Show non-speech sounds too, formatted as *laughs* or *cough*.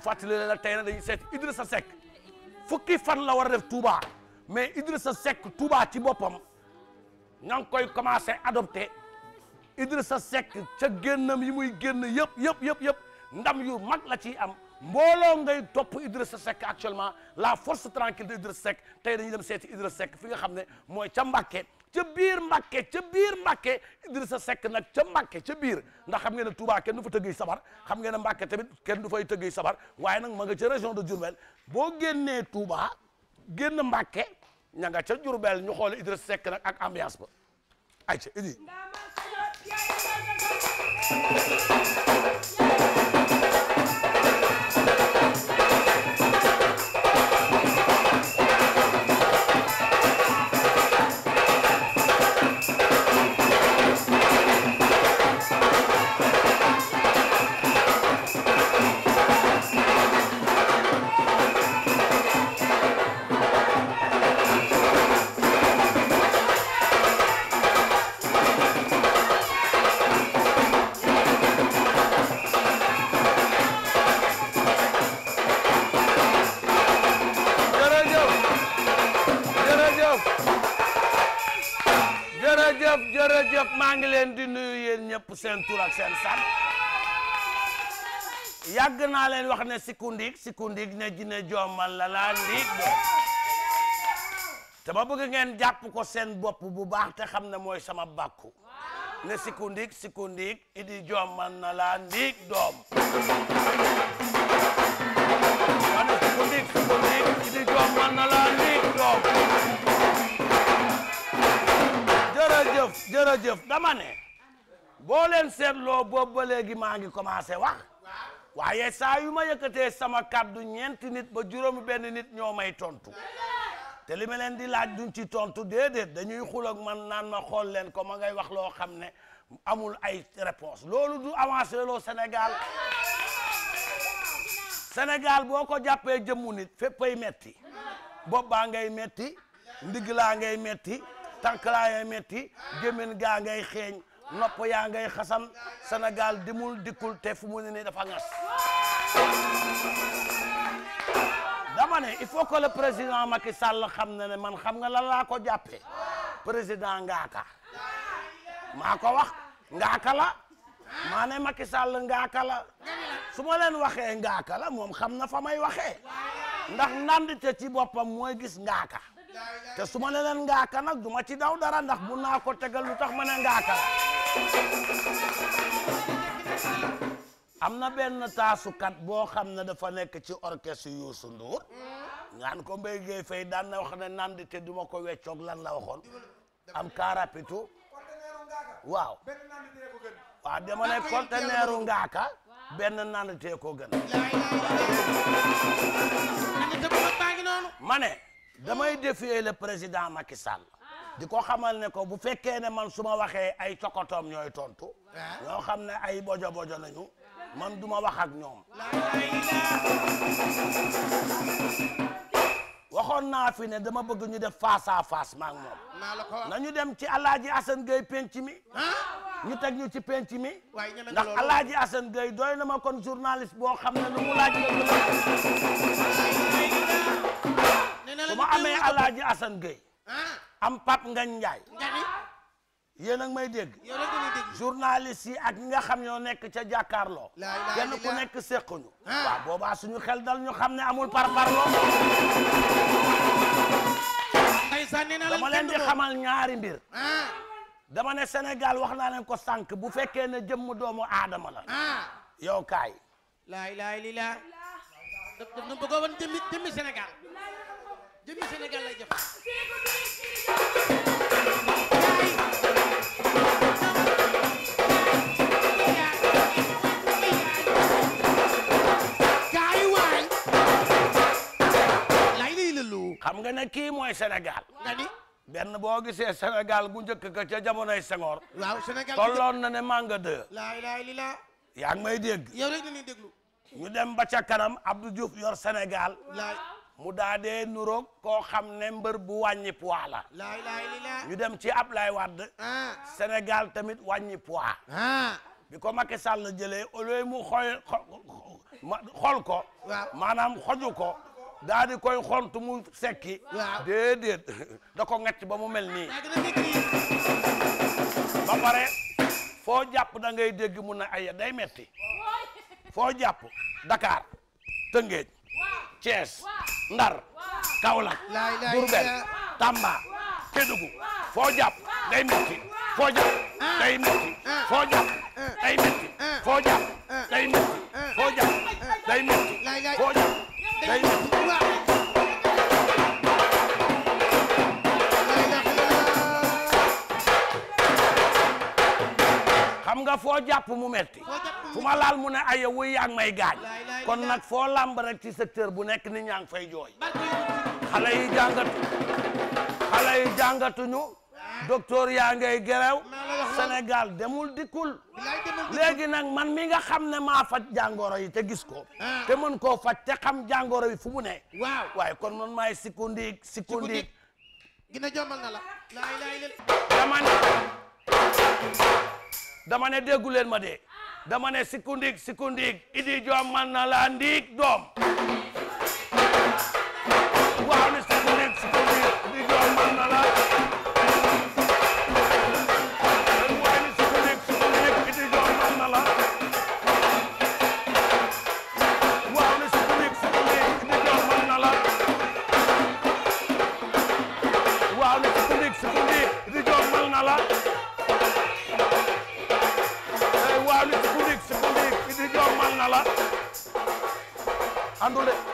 ñu fàttali leen tey na dañuy seet Idrissa Seck fukki fan la war a def Touba mais Idrissa Seck Touba ci boppam ña ngi koy commencé adopté Idrissa Seck ca génnam yi muy génn yëpp yëpp yëpp yëpp ndam yu mag la ci am mbooloo ngay topp Idrissa Seck actuellement la force tranquille de Idrissa Seck tey dañuy dem seeti Idrissa Seck fi nga xam ne mooy ca Mbàkke ca biir Mbàkke ca biir Mbàkke Idrissa Seck nag ca Mbàkke ca biir ndax xam ngeen ne Touba kenn du fa tëggiy sabar xam ngeen ne Mbàkke tamit kenn du fay tëggiy sabar waaye nag ma nga ca région de Diourbel boo génnee tuuba génn Mbàkke ña nga ca Diourbel ñu xoole Idrissa Seck nag ak ambiance ba jërëjëf maa ngi leen di nuyu yéen ñëpp seen tur ak seen sant yàgg leen wax ne sikundik sikundik ne jine joomal la laa ndiig bo te ma bëgg ngeen jàpp ko seen bopp bu baax te xam ne mooy sama bàkku ne sikundik sikundik idi joomal na laa ndiig doom ma ne sikundik sikundik idi joomal na laa ndiig doom jërëjëf jërëjëf dama ne boo leen seetloo boobu ba léegi maa ngi commencé wax waaye saa yu ma yëkkatee sama kàddu ñeenti nit ba juróomi benn nit ñoo may tontu te li ma leen di laaj duñ ci tontu déedéet dañuy xul ak man naan ma xool leen ko ma ngay wax loo xam ne amul ay réponse loolu du avancé loo Sénégal Sénégal boo ko jàppee jëmmu nit féppay metti bopp baa ngay metti ndigg laa ngay metti tànk laa ngay metti gémmiñ gaa ngay xeeñ nopp yaa ngay xasan Sénégal dimul dikkul te fu mu ne nii dafa ngas dama il faut que le président Macky Sall xam na ne man xam nga lan laa ko jàppee président ngaaka maa ko wax ngaaka la maa ne Macky ngaaka la su ma leen waxee ngaaka la moom xam na fa may waxee ndax nandite ci boppam mooy gis ngaaka te su ma ne leen ngaaka nag du ci daw dara ndax mun naa ko tegal lu tax ma ne ngaaka am na benn taasukat boo xam ne dafa nekk ci orchestre Youssou Ndour ñaan ko mbéy géey fay daan na wax ne nandi te du ko weccoog lan la waxoon am kaarapitu waaw waaw dama ne conteneeru ngaaka benn nandi te ko gën ma ne damay défier le président Macky Sall. di ko xamal ne ko bu fekkee ne man su ma waxee ay cokotoom ñooy tontu. ñoo xam ne ay bojo bojo lañu man du ma wax ak ñoom. waxoon naa fi ne dama bëgg ñu def face à face ma ak moom. nañu dem ci Alaaji Assane Gueye penc mi. ñu teg ñu ci penc mi. ndax Alaaji Assane Gueye doy na ma kon journaliste boo xam ne lu mu laaj la bu ma amee Alaaji Assane Gueye ah. am Pape Ngagne Ndiaye yéen a may dégg journaliste yi ak nga xam yoo nekk ca jàkkaarloo kenn ku nekk séquñu ah. waaw boobaa suñu xel dal ñu xam ne amul parparloo dama leen di xamal ñaari mbir ah. dama ne Sénégal wax naa leen ko sànq bu fekkee ne jëmm doomu aadama la yow kaay laa ilaaha illallaah daf na Sénégal demi Sénégal lay joxe. xam nga ne kii mooy Sénégal. benn boo gisee Sénégal bu njëkk ka ca jamonoy Senghor. waaw Sénégal tolloon na ne manga deux. yaa may dégg. yow dem ba ca kanam Abdou Diouf yor Sénégal. mu daadee nuroog koo xam ne mbër bu wàññi poids la. ñu dem ci Ablaye Wade. Ah. Sénégal tamit wàññi poids. Ah. bi ko Macky Sall la jëlee au mu xool ko. maanaam xoju ko. daa koy xontu mu sekki. waaw *laughs* da ko ngacc ba mu mel nii. ba pare foo jàpp dangay dégg mun na ay day metti foo jàpp Dakar Tëngéej Thiès Ndar Kaolack Diourbel Tamba Kédougou foo jàpp day métti foo jàpp day métti foo jàpp day métti foo jàpp mu metti fu ma laal mu ne ay yow wuy yaa ngi may gaañ kon nag foo làmb rek ci secteur bu nekk ni ñaa ngi fay jooy xale yi jàngatu xale yi jàngatuñu docteur yaa ngay gerew Sénégal demul dikkul léegi nag man mi nga xam ne maa faj jàngoro yi te gis ko ah. te mën koo faj te xam jàngoro yi fu mu ne waaw waaye kon man maay sikundiig sikundiig gina jomal dama ne déggu leen ma de dama ne sikku ndiig sikku ndiig joom man na laa ndiig doom àndul de